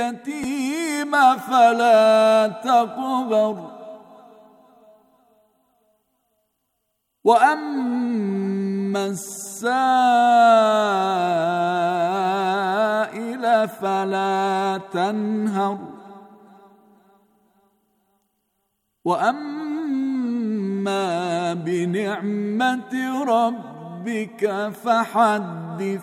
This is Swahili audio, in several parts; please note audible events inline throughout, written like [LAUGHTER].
اليتيم فلا تقبر واما السائل فلا تنهر واما بنعمه ربك فحدث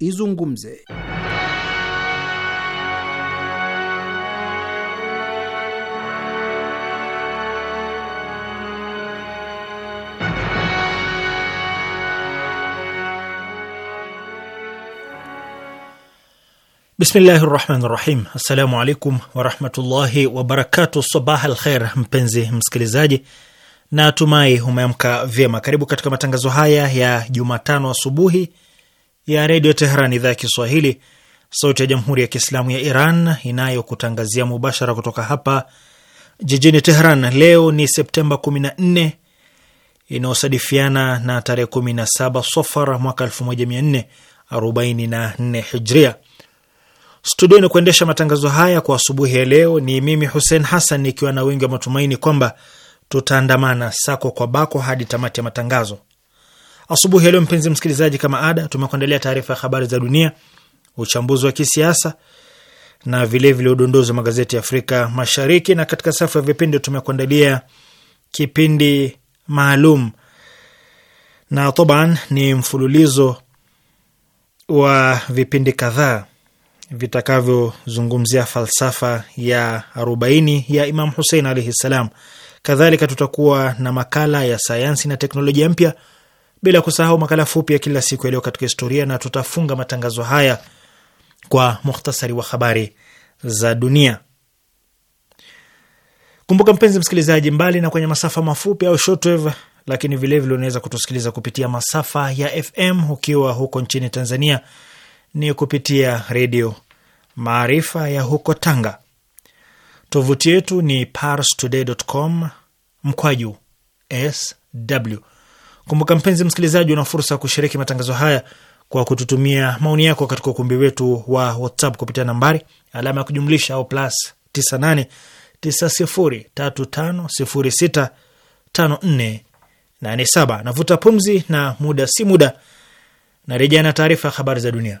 izungumze. Bismillahi rahmani rahim. Assalamu alaikum warahmatullahi wabarakatu. Sabah al mpenzi msikilizaji, na tumai umeamka vyema. Karibu katika matangazo haya ya Jumatano asubuhi ya Redio Teheran, idhaa ya Kiswahili, sauti ya Jamhuri ya Kiislamu ya Iran inayokutangazia mubashara kutoka hapa jijini Teheran. Leo ni Septemba 14 inayosadifiana na tarehe 17 Safar mwaka 1444 Hijria. Studioni kuendesha matangazo haya kwa asubuhi ya leo ni mimi Hussein Hassan, ikiwa na wingi wa matumaini kwamba tutaandamana sako kwa bako hadi tamati ya matangazo. Asubuhi ya leo, mpenzi msikilizaji, kama ada, tumekuandalia taarifa ya habari za dunia, uchambuzi wa kisiasa na vilevile udondozi wa magazeti ya Afrika Mashariki, na katika safu ya vipindi tumekuandalia kipindi maalum na toban ni mfululizo wa vipindi kadhaa vitakavyozungumzia falsafa ya arobaini ya Imam Husein alaihi ssalam. Kadhalika tutakuwa na makala ya sayansi na teknolojia mpya bila kusahau makala fupi ya kila siku yaliyo katika historia, na tutafunga matangazo haya kwa muhtasari wa habari za dunia. Kumbuka mpenzi msikilizaji, mbali na kwenye masafa mafupi au shortwave, lakini vilevile unaweza kutusikiliza kupitia masafa ya FM ukiwa huko nchini Tanzania ni kupitia redio Maarifa ya huko Tanga. Tovuti yetu ni parstoday.com mkwaju sw Kumbuka mpenzi msikilizaji, una fursa ya kushiriki matangazo haya kwa kututumia maoni yako katika ukumbi wetu wa WhatsApp kupitia nambari alama ya kujumlisha au plus 98 9035065487. Navuta pumzi na muda si muda na na taarifa ya habari za dunia.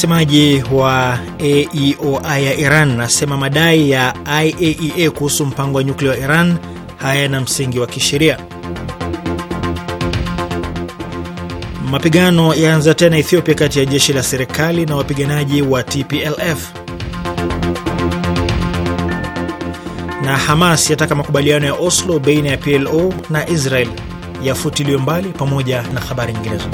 Msemaji wa AEOI ya Iran nasema madai ya IAEA e kuhusu mpango wa nyuklia wa Iran hayana msingi wa kisheria. Mapigano yaanza tena Ethiopia kati ya jeshi la serikali na wapiganaji wa TPLF. Na Hamas yataka makubaliano ya Oslo baina ya PLO na Israel yafutiliwe mbali pamoja na habari nyinginezo.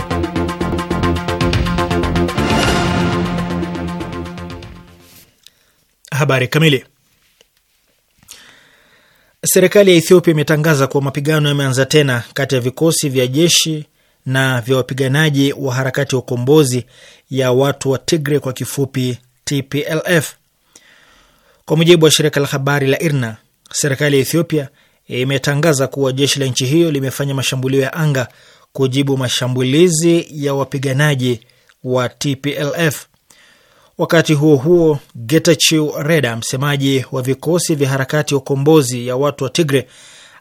Habari kamili. Serikali ya Ethiopia imetangaza kuwa mapigano yameanza tena kati ya vikosi vya jeshi na vya wapiganaji wa harakati ya ukombozi ya watu wa Tigre, kwa kifupi TPLF. Kwa mujibu wa shirika la habari la IRNA, serikali ya Ethiopia imetangaza kuwa jeshi la nchi hiyo limefanya mashambulio ya anga kujibu mashambulizi ya wapiganaji wa TPLF. Wakati huo huo, Getachew Reda, msemaji wa vikosi vya harakati ya ukombozi ya watu wa Tigre,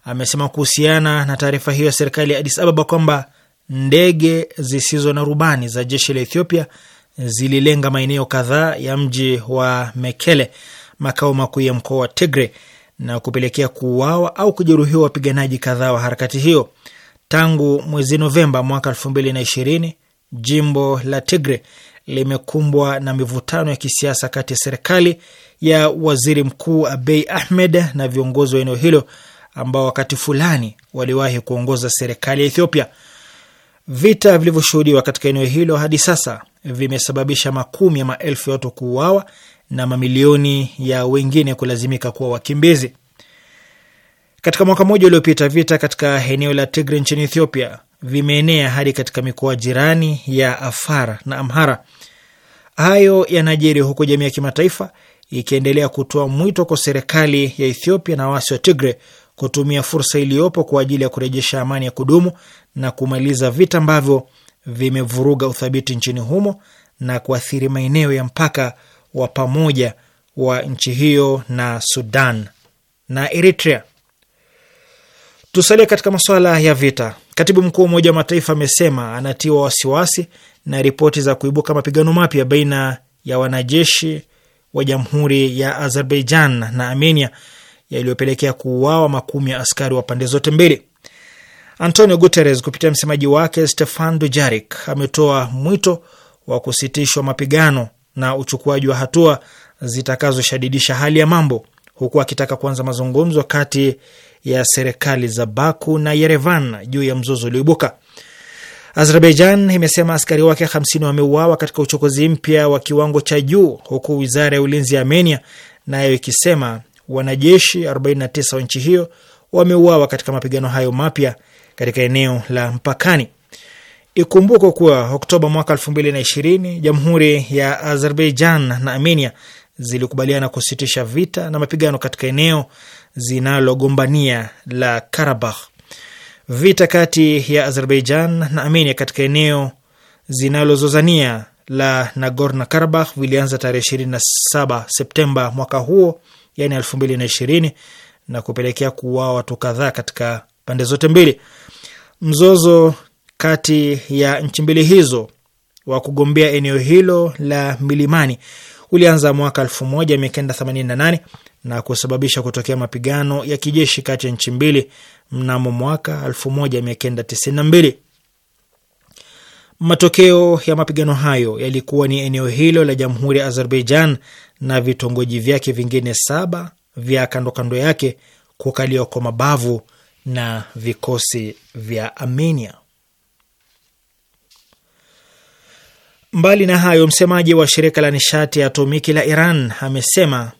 amesema kuhusiana na taarifa hiyo ya serikali ya Adis Ababa kwamba ndege zisizo na rubani za jeshi la Ethiopia zililenga maeneo kadhaa ya mji wa Mekele, makao makuu ya mkoa wa Tigre, na kupelekea kuuawa au kujeruhiwa wapiganaji kadhaa wa harakati hiyo. Tangu mwezi Novemba mwaka elfu mbili na ishirini jimbo la Tigre limekumbwa na mivutano ya kisiasa kati ya serikali ya waziri mkuu Abei Ahmed na viongozi wa eneo hilo ambao wakati fulani waliwahi kuongoza serikali ya Ethiopia. Vita vilivyoshuhudiwa katika eneo hilo hadi sasa vimesababisha makumi ya maelfu ya watu kuuawa na mamilioni ya wengine kulazimika kuwa wakimbizi. Katika mwaka mmoja uliopita, vita katika eneo la Tigray nchini Ethiopia vimeenea hadi katika mikoa jirani ya Afar na Amhara. Hayo yanajiri huku jamii ya kimataifa ikiendelea kutoa mwito kwa serikali ya Ethiopia na waasi wa Tigre kutumia fursa iliyopo kwa ajili ya kurejesha amani ya kudumu na kumaliza vita ambavyo vimevuruga uthabiti nchini humo na kuathiri maeneo ya mpaka wa pamoja wa nchi hiyo na Sudan na Eritrea. Tusalie katika masuala ya vita. Katibu mkuu wa Umoja wa Mataifa amesema anatiwa wasiwasi na ripoti za kuibuka mapigano mapya baina ya wanajeshi wa jamhuri ya Azerbaijan na Armenia yaliyopelekea kuuawa makumi ya askari wa pande zote mbili. Antonio Guterres kupitia msemaji wake Stefan Dujarik ametoa mwito wa kusitishwa mapigano na uchukuaji wa hatua zitakazoshadidisha hali ya mambo, huku akitaka kuanza mazungumzo kati ya serikali za Baku na Yerevan juu ya mzozo ulioibuka. Azerbaijan imesema askari wake 50 wameuawa katika uchokozi mpya wa kiwango cha juu, huku wizara ya ulinzi ya Armenia nayo ikisema wanajeshi 49 wa nchi hiyo wameuawa katika mapigano hayo mapya katika eneo la mpakani. Ikumbukwe kuwa Oktoba mwaka 2020 jamhuri ya Azerbaijan na Armenia zilikubaliana kusitisha vita na mapigano katika eneo zinalogombania la Karabakh. Vita kati ya Azerbaijan na Armenia katika eneo zinalozozania la Nagorno Karabakh vilianza tarehe 27 Septemba mwaka huo, yani 2020 na kupelekea kuuawa watu kadhaa katika pande zote mbili. Mzozo kati ya nchi mbili hizo wa kugombea eneo hilo la milimani ulianza mwaka 1988 na kusababisha kutokea mapigano ya kijeshi kati ya nchi mbili mnamo mwaka 1992. Matokeo ya mapigano hayo yalikuwa ni eneo hilo la Jamhuri ya Azerbaijan na vitongoji vyake vingine saba vya kando kando yake kukaliwa kwa mabavu na vikosi vya Armenia. Mbali na hayo, msemaji wa shirika la nishati ya atomiki la Iran amesema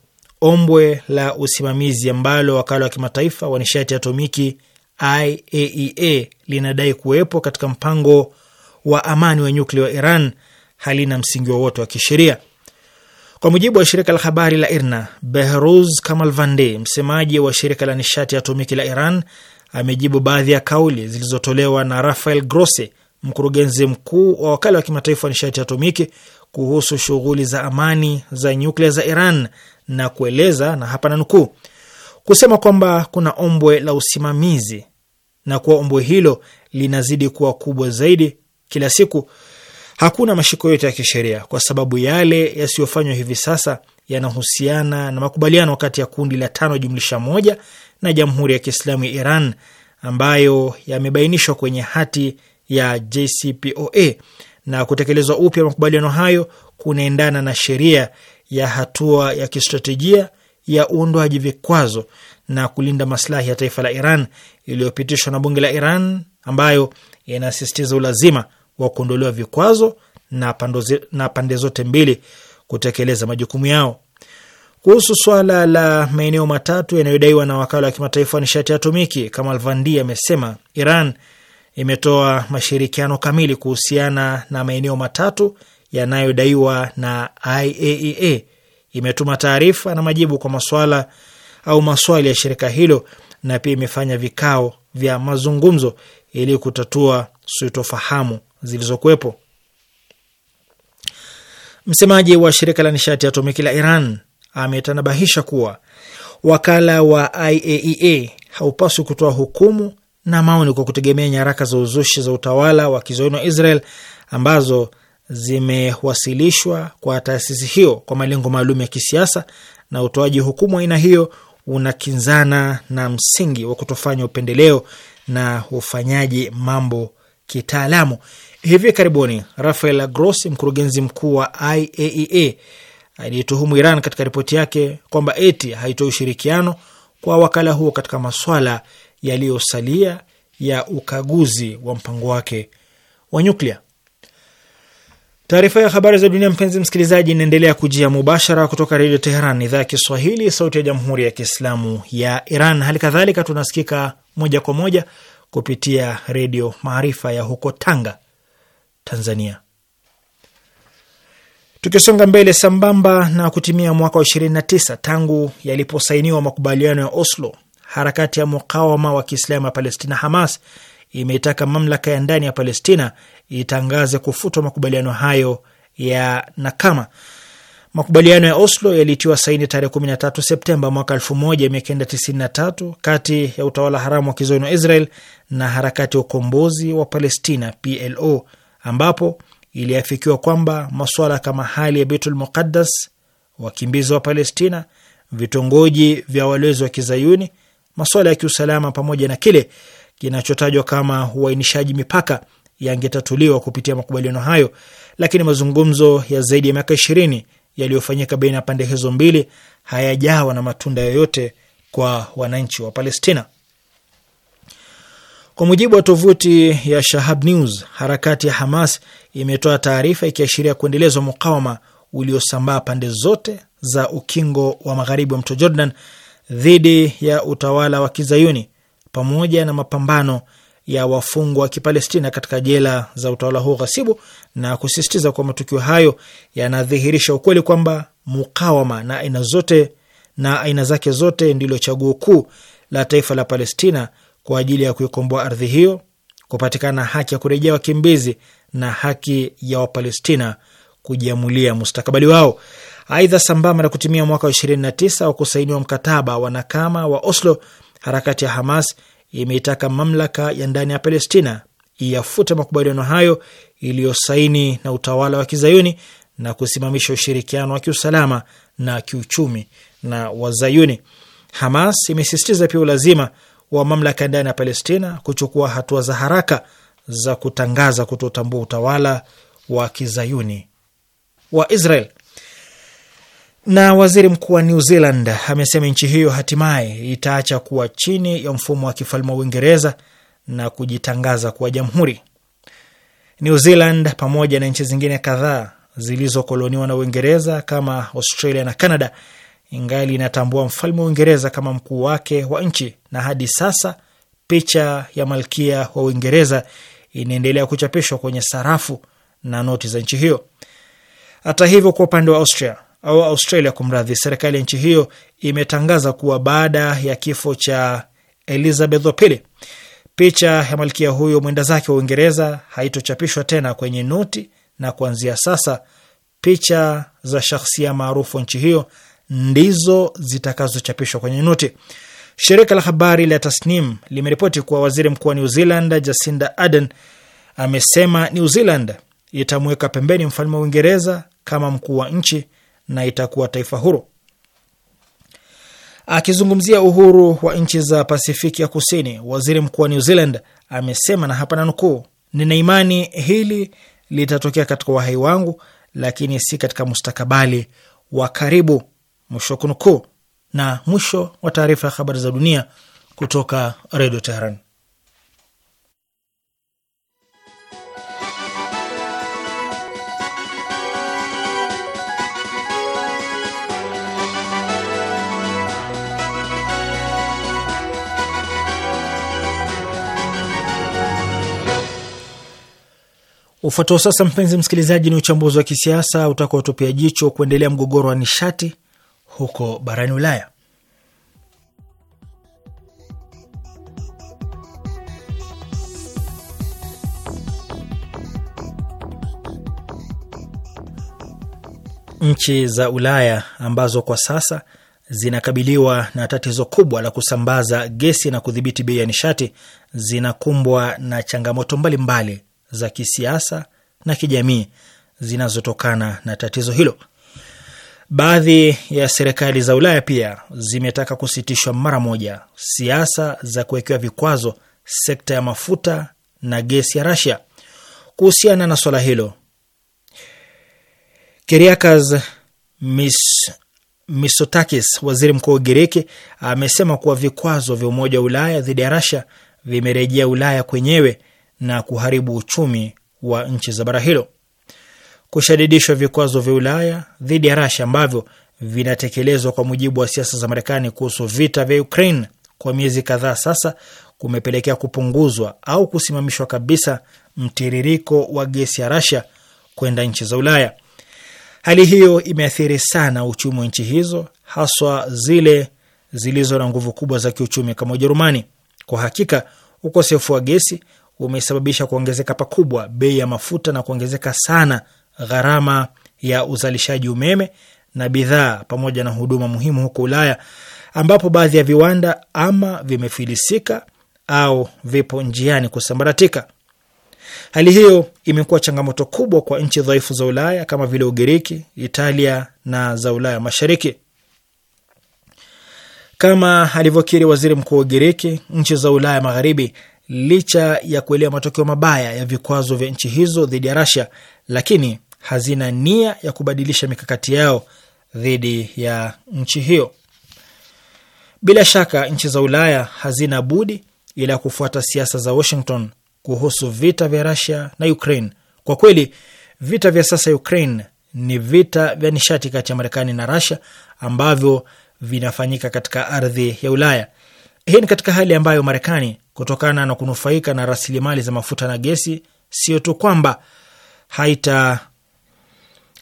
ombwe la usimamizi ambalo wakala wa kimataifa wa nishati ya atomiki IAEA e linadai kuwepo katika mpango wa amani wa nyuklia wa Iran halina msingi wowote wa, wa kisheria. Kwa mujibu wa shirika la habari la IRNA, Behruz vande msemaji wa shirika la nishati ya atomiki la Iran, amejibu baadhi ya kauli zilizotolewa na Rafael Grossi, mkurugenzi mkuu wa wakala wa kimataifa wa nishati atomiki kuhusu shughuli za amani za nyuklia za Iran na kueleza, na hapa nukuu, kusema kwamba kuna ombwe la usimamizi na kuwa ombwe hilo linazidi kuwa kubwa zaidi kila siku. Hakuna mashiko yote ya kisheria, kwa sababu yale yasiyofanywa hivi sasa yanahusiana na makubaliano kati ya kundi la tano jumlisha moja na Jamhuri ya Kiislamu ya Iran ambayo yamebainishwa kwenye hati ya JCPOA na kutekelezwa upya makubaliano hayo kunaendana na sheria ya hatua ya kistratejia ya uondoaji vikwazo na kulinda maslahi ya taifa la Iran iliyopitishwa na bunge la Iran ambayo inasisitiza ulazima wa kuondolewa vikwazo na, pandozi, na pande zote mbili kutekeleza majukumu yao. Kuhusu swala la maeneo matatu yanayodaiwa na wakala wa kimataifa wa nishati ya atomiki, Kamal Vandi amesema Iran imetoa mashirikiano kamili kuhusiana na maeneo matatu yanayodaiwa na IAEA. E Imetuma taarifa na majibu kwa maswala au maswali ya shirika hilo na pia imefanya vikao vya mazungumzo ili kutatua sitofahamu zilizokuwepo. Msemaji wa shirika la nishati ya atomiki la Iran ametanabahisha kuwa wakala wa IAEA e haupaswi kutoa hukumu na maoni kwa kutegemea nyaraka za uzushi za utawala wa kizayuni wa Israel ambazo zimewasilishwa kwa taasisi hiyo kwa malengo maalum ya kisiasa, na utoaji hukumu aina hiyo unakinzana na msingi wa kutofanya upendeleo na ufanyaji mambo kitaalamu. Hivi karibuni Rafael Grossi, mkurugenzi mkuu wa IAEA, aliyetuhumu Iran katika ripoti yake kwamba eti haitoi ushirikiano kwa wakala huo katika maswala yaliyosalia ya ukaguzi wa mpango wake wa nyuklia. Taarifa ya habari za dunia, mpenzi msikilizaji, inaendelea kujia mubashara kutoka Redio Teheran, idhaa ya Kiswahili, sauti ya jamhuri ya kiislamu ya Iran. Hali kadhalika tunasikika moja kwa moja kupitia Redio Maarifa ya huko Tanga, Tanzania. Tukisonga mbele, sambamba na kutimia mwaka wa 29 tangu yaliposainiwa makubaliano ya Oslo harakati ya mukawama wa kiislamu ya Palestina, Hamas, imeitaka mamlaka ya ndani ya Palestina itangaze kufutwa makubaliano hayo ya nakama. Makubaliano ya Oslo yalitiwa saini tarehe 13 Septemba mwaka 1993 kati ya utawala haramu wa kizoni wa Israel na harakati ya ukombozi wa Palestina PLO, ambapo iliafikiwa kwamba masuala kama hali ya Beitul Muqaddas, wakimbizi wa Palestina, vitongoji vya walezi wa kizayuni masuala ya kiusalama pamoja na kile kinachotajwa kama uainishaji mipaka yangetatuliwa kupitia makubaliano hayo, lakini mazungumzo ya zaidi ya miaka ishirini yaliyofanyika baina ya pande hizo mbili hayajawa na matunda yoyote kwa wananchi wa Palestina. Kwa mujibu wa tovuti ya Shahab News, harakati ya Hamas imetoa taarifa ikiashiria kuendelezwa mukawama uliosambaa pande zote za ukingo wa magharibi wa mto Jordan dhidi ya utawala wa kizayuni pamoja na mapambano ya wafungwa wa Kipalestina katika jela za utawala huo ghasibu na kusisitiza kwa matukio hayo yanadhihirisha ukweli kwamba mukawama na aina zote na aina zake zote ndilo chaguo kuu la taifa la Palestina kwa ajili ya kuikomboa ardhi hiyo, kupatikana haki ya kurejea wakimbizi na haki ya Wapalestina kujiamulia mustakabali wao. Aidha, sambamba na kutimia mwaka wa 29 wa kusainiwa mkataba wa nakama wa Oslo, harakati ya Hamas imeitaka mamlaka ya ndani ya Palestina iyafute makubaliano hayo iliyosaini na utawala wa kizayuni na kusimamisha ushirikiano wa kiusalama na kiuchumi na wazayuni. Hamas imesisitiza pia ulazima wa mamlaka ndani ya Palestina kuchukua hatua za haraka za kutangaza kutotambua utawala wa kizayuni wa Israel. Na waziri mkuu wa New Zealand amesema nchi hiyo hatimaye itaacha kuwa chini ya mfumo wa kifalme wa Uingereza na kujitangaza kuwa jamhuri. New Zealand pamoja na nchi zingine kadhaa zilizokoloniwa na Uingereza kama Australia na Canada ingali inatambua mfalme wa Uingereza kama mkuu wake wa nchi, na hadi sasa picha ya malkia wa Uingereza inaendelea kuchapishwa kwenye sarafu na noti za nchi hiyo. Hata hivyo, kwa upande wa Austria, au Australia kumradhi, serikali ya nchi hiyo imetangaza kuwa baada ya kifo cha Elizabeth wa pili, picha ya malkia huyo mwenda zake wa Uingereza haitochapishwa tena kwenye noti, na kuanzia sasa picha za shahsia maarufu nchi hiyo ndizo zitakazochapishwa kwenye noti. Shirika la habari la Tasnim limeripoti kuwa waziri mkuu wa New Zealand Jacinda Ardern amesema New Zealand itamweka pembeni mfalme wa Uingereza kama mkuu wa nchi na itakuwa taifa huru. Akizungumzia uhuru wa nchi za Pasifiki ya Kusini, waziri mkuu wa New Zealand amesema, na hapa nanukuu, nina imani hili litatokea katika wahai wangu, lakini si katika mustakabali wa karibu, mwisho wa kunukuu. Na mwisho wa taarifa ya habari za dunia kutoka Redio Teheran. Ufuatao sasa, mpenzi msikilizaji, ni uchambuzi wa kisiasa utakaotupia jicho kuendelea mgogoro wa nishati huko barani Ulaya. Nchi za Ulaya ambazo kwa sasa zinakabiliwa na tatizo kubwa la kusambaza gesi na kudhibiti bei ya nishati zinakumbwa na changamoto mbalimbali mbali za kisiasa na kijamii zinazotokana na tatizo hilo. Baadhi ya serikali za Ulaya pia zimetaka kusitishwa mara moja siasa za kuwekewa vikwazo sekta ya mafuta na gesi ya Rasia. Kuhusiana na swala hilo, Keriakas Mis, Misotakis, waziri mkuu wa Ugiriki, amesema kuwa vikwazo vya Umoja wa Ulaya dhidi ya Rasia vimerejea Ulaya kwenyewe na kuharibu uchumi wa nchi za bara hilo. Kushadidishwa vikwazo vya Ulaya dhidi ya Rasha ambavyo vinatekelezwa kwa mujibu wa siasa za Marekani kuhusu vita vya Ukraine kwa miezi kadhaa sasa kumepelekea kupunguzwa au kusimamishwa kabisa mtiririko wa gesi ya Rasha kwenda nchi za Ulaya. Hali hiyo imeathiri sana uchumi wa nchi hizo, haswa zile zilizo na nguvu kubwa za kiuchumi kama Ujerumani. Kwa hakika, ukosefu wa gesi umesababisha kuongezeka pakubwa bei ya mafuta na kuongezeka sana gharama ya uzalishaji umeme na bidhaa pamoja na huduma muhimu huko Ulaya, ambapo baadhi ya viwanda ama vimefilisika au vipo njiani kusambaratika. Hali hiyo imekuwa changamoto kubwa kwa nchi dhaifu za Ulaya kama vile Ugiriki, Italia na za Ulaya Mashariki. Kama alivyokiri waziri mkuu wa Ugiriki, nchi za Ulaya Magharibi licha ya kuelewa matokeo mabaya ya vikwazo vya nchi hizo dhidi ya Rasia, lakini hazina nia ya kubadilisha mikakati yao dhidi ya nchi hiyo. Bila shaka nchi za Ulaya hazina budi ila kufuata siasa za Washington kuhusu vita vya Russia na Ukraine. Kwa kweli, vita vya sasa Ukraine ni vita vya nishati kati ya Marekani na Russia ambavyo vinafanyika katika ardhi ya Ulaya. Hii ni katika hali ambayo Marekani kutokana na kunufaika na rasilimali za mafuta na gesi, sio tu kwamba haita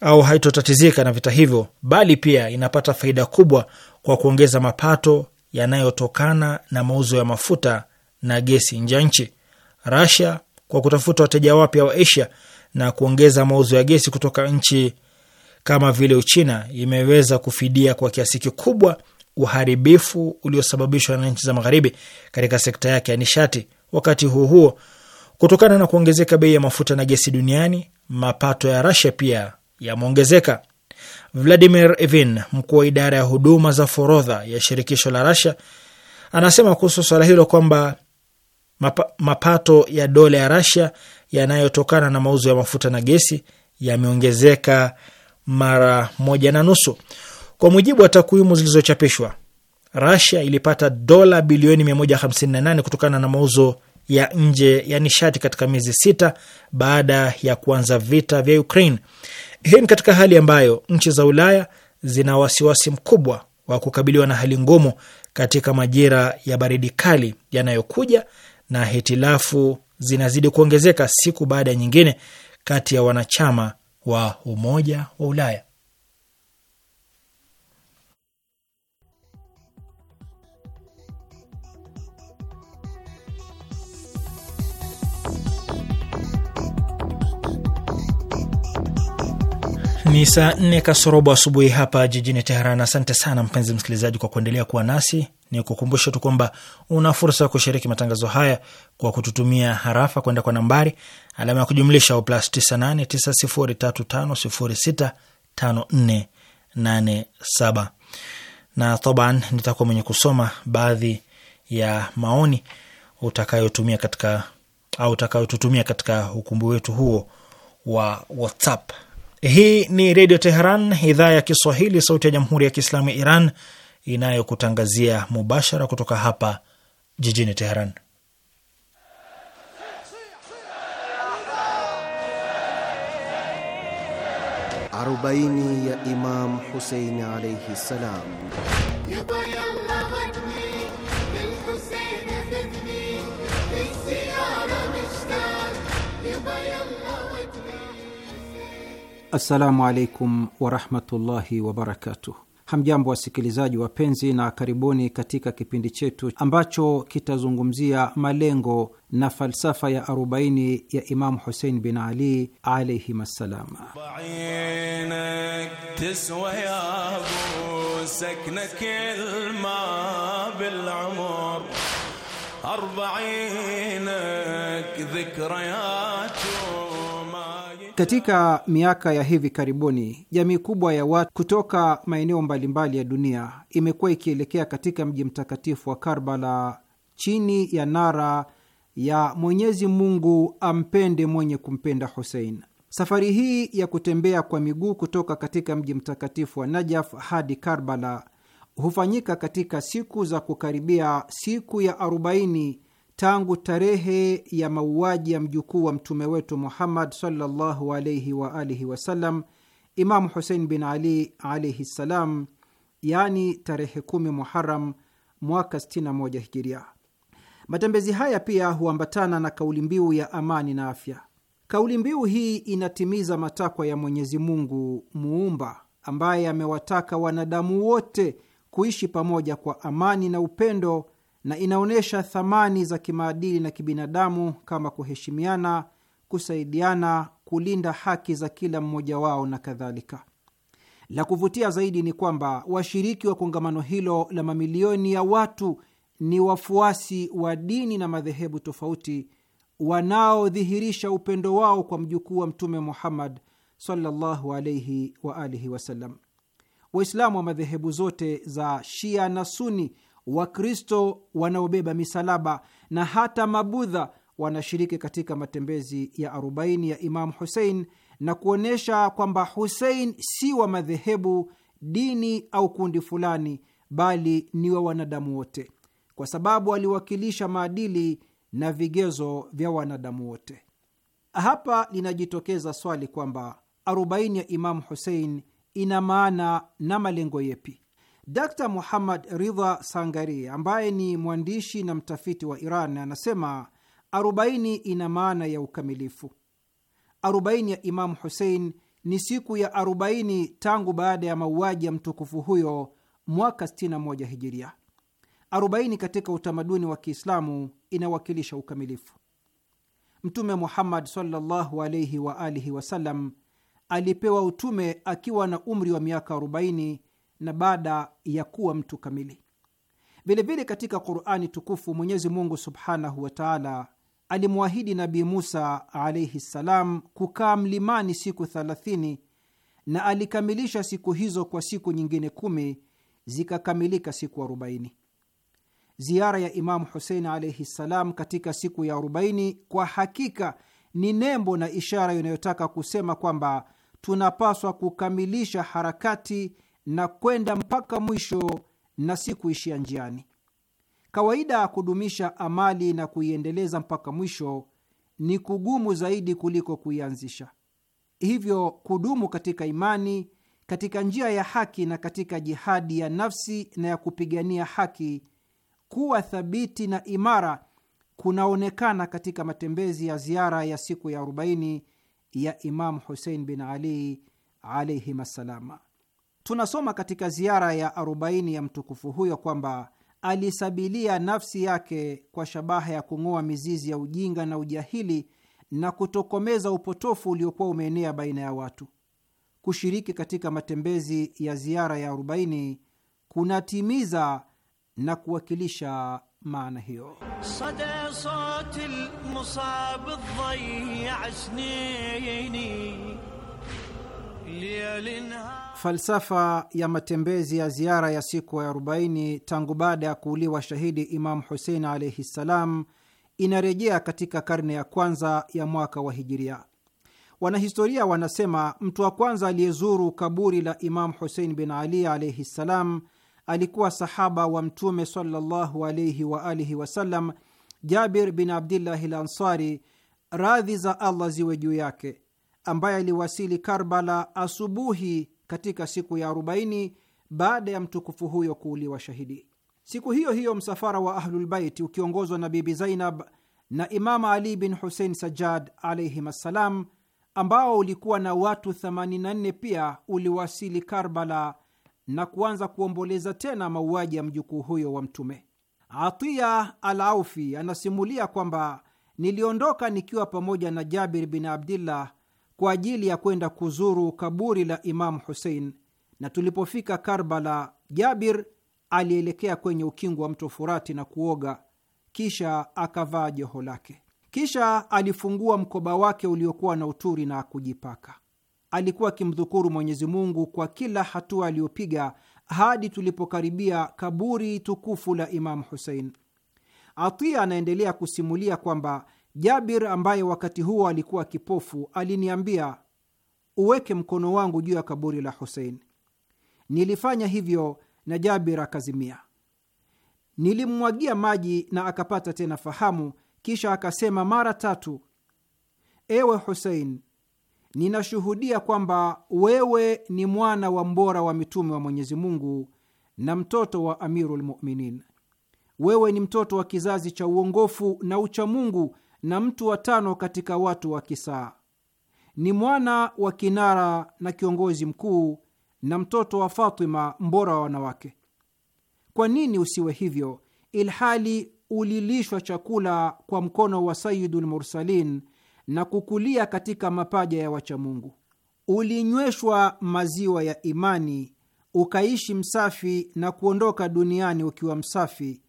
au haitotatizika na vita hivyo, bali pia inapata faida kubwa kwa kuongeza mapato yanayotokana na mauzo ya mafuta na gesi nje ya nchi. Rasia kwa kutafuta wateja wapya wa Asia na kuongeza mauzo ya gesi kutoka nchi kama vile Uchina imeweza kufidia kwa kiasi kikubwa uharibifu uliosababishwa na nchi za magharibi katika sekta yake ya nishati. Wakati huo huo, kutokana na kuongezeka bei ya mafuta na gesi duniani, mapato ya Russia pia yameongezeka. Vladimir Evin, mkuu wa idara ya huduma za forodha ya shirikisho la Russia, anasema kuhusu swala hilo kwamba mapato ya dola ya Russia yanayotokana na mauzo ya mafuta na gesi yameongezeka mara moja na nusu. Kwa mujibu wa takwimu zilizochapishwa, Rasia ilipata dola bilioni 158 kutokana na mauzo ya nje ya nishati katika miezi sita baada ya kuanza vita vya Ukraine. Hii ni katika hali ambayo nchi za Ulaya zina wasiwasi mkubwa wa kukabiliwa na hali ngumu katika majira ya baridi kali yanayokuja, na hitilafu zinazidi kuongezeka siku baada ya nyingine kati ya wanachama wa Umoja wa Ulaya. Ni saa nne kasorobo asubuhi hapa jijini Teheran. Asante sana mpenzi msikilizaji kwa kuendelea kuwa nasi. Ni kukumbusha tu kwamba una fursa ya kushiriki matangazo haya kwa kututumia harafa kwenda kwa nambari alama ya kujumlisha plus 989035065487 na toban, nitakuwa mwenye kusoma baadhi ya maoni utakayotumia katika au utakayotutumia katika ukumbi wetu huo wa WhatsApp. Hii ni Redio Teheran, idhaa ya Kiswahili, sauti ya Jamhuri ya Kiislamu ya Iran, inayokutangazia mubashara kutoka hapa jijini Teheran. Arobaini ya Imam Husein alaihi salam. Assalamu alaikum warahmatullahi wabarakatuh. Hamjambo wasikilizaji wapenzi, na karibuni katika kipindi chetu ambacho kitazungumzia malengo na falsafa ya 40 ya Imamu Husein bin Ali alaihim assalam. Katika miaka ya hivi karibuni, jamii kubwa ya watu kutoka maeneo mbalimbali ya dunia imekuwa ikielekea katika mji mtakatifu wa Karbala chini ya nara ya Mwenyezi Mungu ampende mwenye kumpenda Husein. Safari hii ya kutembea kwa miguu kutoka katika mji mtakatifu wa Najaf hadi Karbala hufanyika katika siku za kukaribia siku ya arobaini tangu tarehe ya mauaji ya mjukuu wa mtume wetu Muhammad sallallahu alaihi wa alihi wasallam, Imamu Husein bin Ali alaihi ssalam, yani tarehe kumi Muharam mwaka 61 Hijiria. Matembezi haya pia huambatana na kauli mbiu ya amani na afya. Kauli mbiu hii inatimiza matakwa ya Mwenyezi Mungu Muumba, ambaye amewataka wanadamu wote kuishi pamoja kwa amani na upendo na inaonyesha thamani za kimaadili na kibinadamu kama kuheshimiana, kusaidiana, kulinda haki za kila mmoja wao na kadhalika. La kuvutia zaidi ni kwamba washiriki wa kongamano hilo la mamilioni ya watu ni wafuasi wa dini na madhehebu tofauti wanaodhihirisha upendo wao kwa mjukuu wa Mtume Muhammad sallallahu alaihi wa alihi wasallam. Waislamu wa madhehebu zote za Shia na Suni Wakristo wanaobeba misalaba na hata mabudha wanashiriki katika matembezi ya arobaini ya Imamu Husein na kuonyesha kwamba Husein si wa madhehebu, dini au kundi fulani, bali ni wa wanadamu wote, kwa sababu aliwakilisha maadili na vigezo vya wanadamu wote. Hapa linajitokeza swali kwamba arobaini ya Imamu Husein ina maana na malengo yepi? Dr Muhammad Ridha Sangari, ambaye ni mwandishi na mtafiti wa Iran, anasema 40 ina maana ya ukamilifu. Arobaini ya Imamu Husein ni siku ya arobaini tangu baada ya mauaji ya mtukufu huyo mwaka 61 Hijiria. Arobaini katika utamaduni wa Kiislamu inawakilisha ukamilifu. Mtume Muhammad sallallahu alaihi wa alihi wasallam alipewa utume akiwa na umri wa miaka na baada ya kuwa mtu kamili. Vilevile katika Qurani tukufu Mwenyezi Mungu subhanahu wa taala alimwahidi Nabii Musa alaihi ssalam kukaa mlimani siku thalathini na alikamilisha siku hizo kwa siku nyingine kumi zikakamilika siku arobaini. Ziara ya Imamu Husein alaihi ssalam katika siku ya arobaini kwa hakika ni nembo na ishara inayotaka kusema kwamba tunapaswa kukamilisha harakati na kwenda mpaka mwisho na si kuishia njiani. Kawaida kudumisha amali na kuiendeleza mpaka mwisho ni kugumu zaidi kuliko kuianzisha. Hivyo kudumu katika imani, katika njia ya haki na katika jihadi ya nafsi na ya kupigania haki, kuwa thabiti na imara kunaonekana katika matembezi ya ziara ya siku ya 40 ya Imamu Husein bin Ali alaihim assalama. Tunasoma katika ziara ya 40 ya mtukufu huyo kwamba alisabilia nafsi yake kwa shabaha ya kung'oa mizizi ya ujinga na ujahili na kutokomeza upotofu uliokuwa umeenea baina ya watu. Kushiriki katika matembezi ya ziara ya arobaini kunatimiza na kuwakilisha maana hiyo. Falsafa ya matembezi ya ziara ya siku ya 40 tangu baada ya kuuliwa shahidi Imamu Husein alaihi ssalam inarejea katika karne ya kwanza ya mwaka wa Hijiria. Wanahistoria wanasema mtu wa kwanza aliyezuru kaburi la Imamu Husein bin Ali alaihi ssalam alikuwa sahaba wa Mtume sallallahu alaihi alihi wasallam, Jabir bin Abdillahi Lansari, radhi za Allah ziwe juu yake ambaye aliwasili Karbala asubuhi katika siku ya 40 baada ya mtukufu huyo kuuliwa shahidi. Siku hiyo hiyo msafara wa Ahlulbaiti ukiongozwa na Bibi Zainab na Imama Ali bin Husein Sajjad alaihim assalam, ambao ulikuwa na watu 84 pia uliwasili Karbala na kuanza kuomboleza tena mauaji ya mjukuu huyo wa Mtume. Atiya al Aufi anasimulia kwamba niliondoka nikiwa pamoja na Jabir bin Abdillah kwa ajili ya kwenda kuzuru kaburi la Imamu Husein, na tulipofika Karbala, Jabir alielekea kwenye ukingo wa mto Furati na kuoga, kisha akavaa joho lake. Kisha alifungua mkoba wake uliokuwa na uturi na kujipaka. Alikuwa akimdhukuru Mwenyezi Mungu kwa kila hatua aliyopiga hadi tulipokaribia kaburi tukufu la Imamu Husein. Atia anaendelea kusimulia kwamba Jabir ambaye wakati huo alikuwa kipofu aliniambia, uweke mkono wangu juu ya kaburi la Husein. Nilifanya hivyo na Jabir akazimia. Nilimmwagia maji na akapata tena fahamu, kisha akasema mara tatu, ewe Husein, ninashuhudia kwamba wewe ni mwana wa mbora wa mitume wa Mwenyezi Mungu na mtoto wa Amirul Muminin. Wewe ni mtoto wa kizazi cha uongofu na uchamungu na mtu wa tano katika watu wa Kisaa. Ni mwana wa kinara na kiongozi mkuu na mtoto wa Fatima, mbora wa wanawake. Kwa nini usiwe hivyo, ilhali ulilishwa chakula kwa mkono wa Sayidul Mursalin na kukulia katika mapaja ya wachamungu? Ulinyweshwa maziwa ya imani, ukaishi msafi na kuondoka duniani ukiwa msafi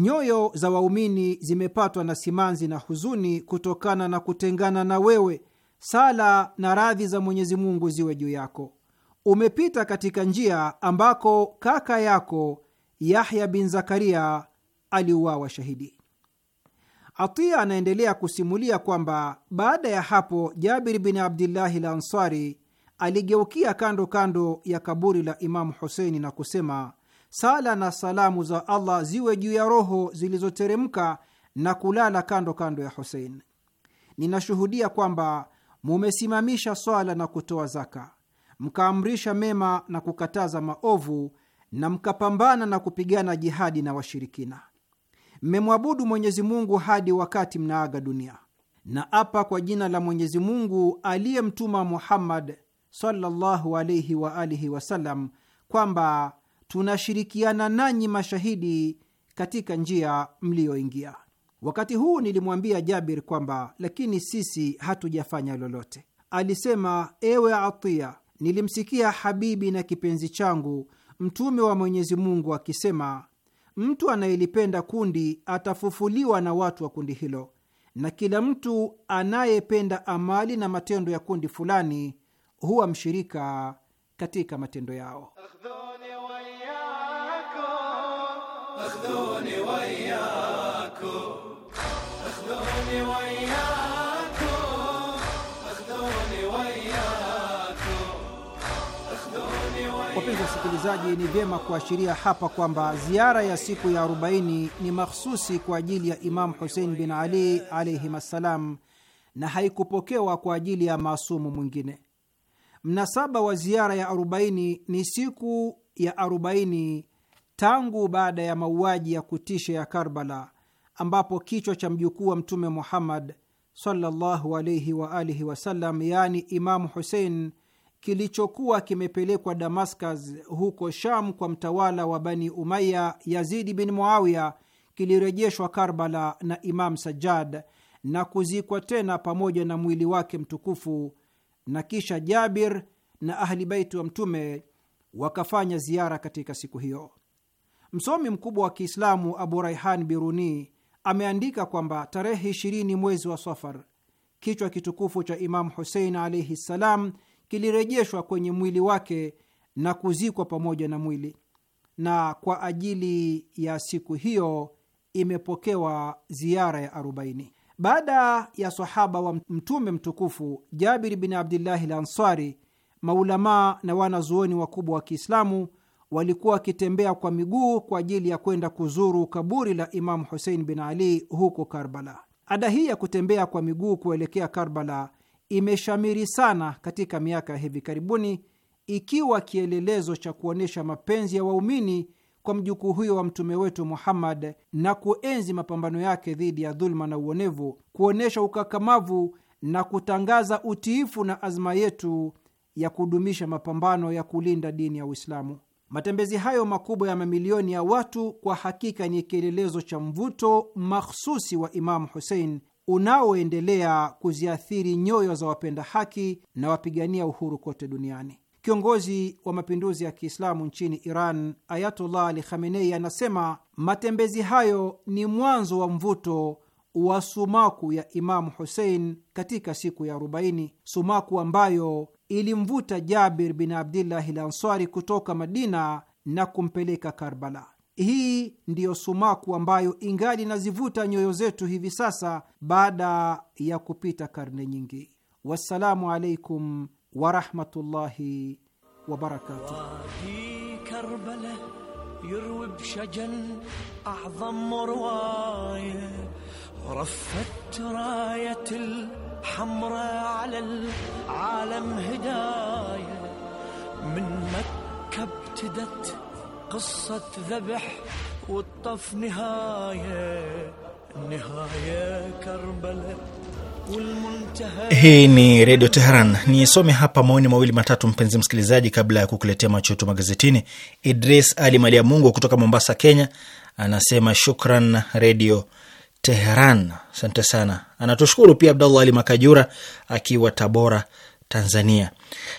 Nyoyo za waumini zimepatwa na simanzi na huzuni kutokana na kutengana na wewe. Sala na radhi za Mwenyezi Mungu ziwe juu yako. Umepita katika njia ambako kaka yako Yahya bin Zakaria aliuawa shahidi. Atia anaendelea kusimulia kwamba baada ya hapo Jabiri bin Abdillahi la Ansari aligeukia kando kando ya kaburi la Imamu Huseini na kusema Sala na salamu za Allah ziwe juu ya roho zilizoteremka na kulala kando kando ya Husein. Ninashuhudia kwamba mumesimamisha swala na kutoa zaka, mkaamrisha mema na kukataza maovu, na mkapambana na kupigana jihadi na washirikina. Mmemwabudu Mwenyezi Mungu hadi wakati mnaaga dunia. Na apa kwa jina la Mwenyezi Mungu aliyemtuma Muhammad sallallahu alaihi wa alihi wasallam kwamba tunashirikiana nanyi mashahidi katika njia mliyoingia. Wakati huu nilimwambia Jabir kwamba lakini sisi hatujafanya lolote. Alisema, ewe Atia, nilimsikia habibi na kipenzi changu Mtume wa Mwenyezi Mungu akisema, mtu anayelipenda kundi atafufuliwa na watu wa kundi hilo, na kila mtu anayependa amali na matendo ya kundi fulani huwa mshirika katika matendo yao. Wapenzi wasikilizaji, ni vyema kuashiria hapa kwamba ziara ya siku ya 40 ni mahsusi kwa ajili ya Imamu Husein bin Ali alaihim assalam na haikupokewa kwa ajili ya maasumu mwingine. Mnasaba wa ziara ya 40 ni siku ya tangu baada ya mauaji ya kutisha ya Karbala, ambapo kichwa cha mjukuu wa Mtume Muhammad sallallahu alayhi wa alihi wasallam, yaani Imamu Husein, kilichokuwa kimepelekwa Damascus huko Sham kwa mtawala wa Bani Umaya Yazidi bin Muawiya kilirejeshwa Karbala na Imam Sajjad na kuzikwa tena pamoja na mwili wake mtukufu, na kisha Jabir na Ahli Baiti wa Mtume wakafanya ziara katika siku hiyo. Msomi mkubwa wa Kiislamu Abu Raihan Biruni ameandika kwamba tarehe ishirini mwezi wa Safar, kichwa kitukufu cha Imamu Husein alaihi ssalam kilirejeshwa kwenye mwili wake na kuzikwa pamoja na mwili, na kwa ajili ya siku hiyo imepokewa ziara ya arobaini baada ya sahaba wa Mtume mtukufu Jabiri bin Abdillahi Lansari. Maulamaa na wanazuoni wakubwa wa Kiislamu walikuwa wakitembea kwa miguu kwa ajili ya kwenda kuzuru kaburi la Imamu Husein bin Ali huko Karbala. Ada hii ya kutembea kwa miguu kuelekea Karbala imeshamiri sana katika miaka ya hivi karibuni, ikiwa kielelezo cha kuonyesha mapenzi ya waumini kwa mjukuu huyo wa mtume wetu Muhammad na kuenzi mapambano yake dhidi ya dhuluma na uonevu, kuonyesha ukakamavu na kutangaza utiifu na azma yetu ya kudumisha mapambano ya kulinda dini ya Uislamu. Matembezi hayo makubwa ya mamilioni ya watu kwa hakika ni kielelezo cha mvuto mahsusi wa Imamu Husein unaoendelea kuziathiri nyoyo za wapenda haki na wapigania uhuru kote duniani. Kiongozi wa mapinduzi ya Kiislamu nchini Iran, Ayatullah Ali Khamenei, anasema matembezi hayo ni mwanzo wa mvuto wa sumaku ya Imamu Husein katika siku ya arobaini, sumaku ambayo ilimvuta Jabir bin Abdillahi Lanswari kutoka Madina na kumpeleka Karbala. Hii ndiyo sumaku ambayo ingali inazivuta nyoyo zetu hivi sasa baada ya kupita karne nyingi. Wassalamu alaikum warahmatullahi wabarakatuh. رفت راية الحمراء على العالم هداية من مكة ابتدت قصة ذبح والطف نهاية نهاية كربلة Hii ni Redio Teheran. Nisome hapa maoni mawili matatu, mpenzi msikilizaji, kabla ya kukuletea macho yetu magazetini. Idris Ali Malia Mungu kutoka Mombasa, Kenya, anasema shukran Redio Teheran. Asante sana. Anatushukuru pia Abdallah Ali Makajura akiwa Tabora, Tanzania.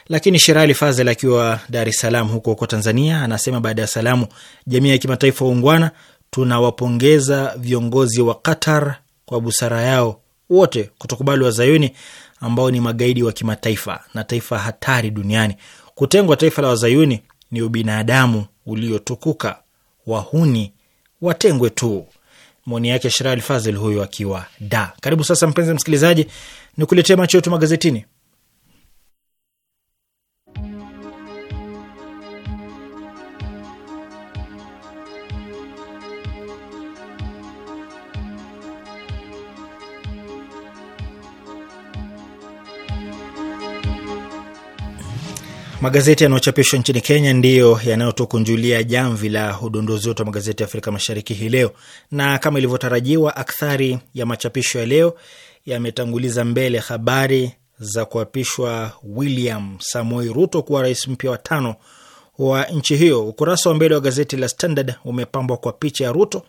Lakini shirali Fazel akiwa Dar es Salaam huko huko Tanzania anasema, baada ya salamu, jamii ya kimataifa waungwana, tunawapongeza viongozi wa Qatar kwa busara yao wote kutokubali wazayuni ambao ni magaidi wa kimataifa na taifa hatari duniani. Kutengwa taifa la wazayuni ni ubinadamu uliotukuka. Wahuni watengwe tu maoni yake Shirali Fazil huyu akiwa da. Karibu sasa, mpenzi msikilizaji, ni kuletea macho yetu magazetini. Magazeti yanayochapishwa nchini Kenya ndiyo yanayotukunjulia jamvi la udondozi wetu wa magazeti ya Afrika Mashariki hii leo, na kama ilivyotarajiwa, akthari ya machapisho ya leo yametanguliza mbele habari za kuapishwa William Samoei Ruto kuwa rais mpya wa tano wa nchi hiyo. Ukurasa wa mbele wa gazeti la Standard umepambwa kwa picha ya Ruto